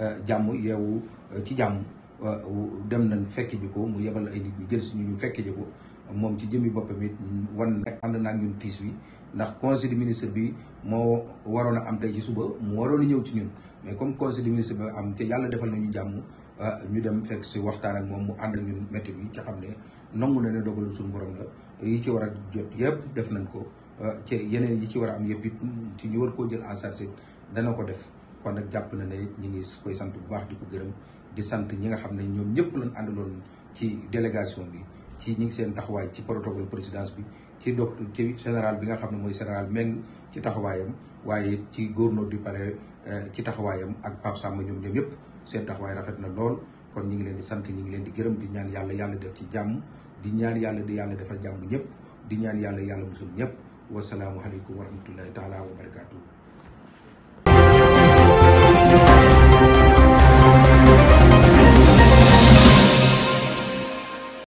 Eh, jàmm yeewu eh, ci jàmm eh, dem nañ fekk ji ko mu yebal ay nit ñu jël suñu ñu fekk ji ko moom ci jëmmi boppam it wan nag ànd naag ñun tiis wi ndax conseil des ministres bi moo waroon a am tey ci suba mu waroon a ñëw ci ñun mais comme conseil des ministres bi am te yàlla defal nañu jàmm ñu dem fekk si waxtaan ak moom mu ànd ak ñun métti bi ci xam ne nangu na ne dogalu suñu borom la yi ci war a jot yëpp def nañ ko ci yeneen yi ci war a am yëpp it ci ñu war koo jël en charge dana ko def kon nag jàpp na ne ñu ngi koy sant bu baax di ko gërëm di sant ñi nga xam ne ñoom ñëpp lañ àndaloon ci délégation bi ci ñi ngi seen taxawaay ci protocole présidence bi ci docteur ci général bi nga xam ne mooy général Meng ci taxawaayam waaye ci gouverneur du Paré euh, ci taxawaayam ak Pape Samba ñoom ñoom ñëpp seen taxawaay rafet na lool kon ñu ngi leen di sant ñu ngi leen di gërëm di ñaan yàlla yàlla def ci jàmm di ñaan yàlla di yàlla defal jàmm ñëpp di ñaan yàlla yàlla musul ñëpp wasalaamualeykum wa rahmatullahi taala wa barakaatu.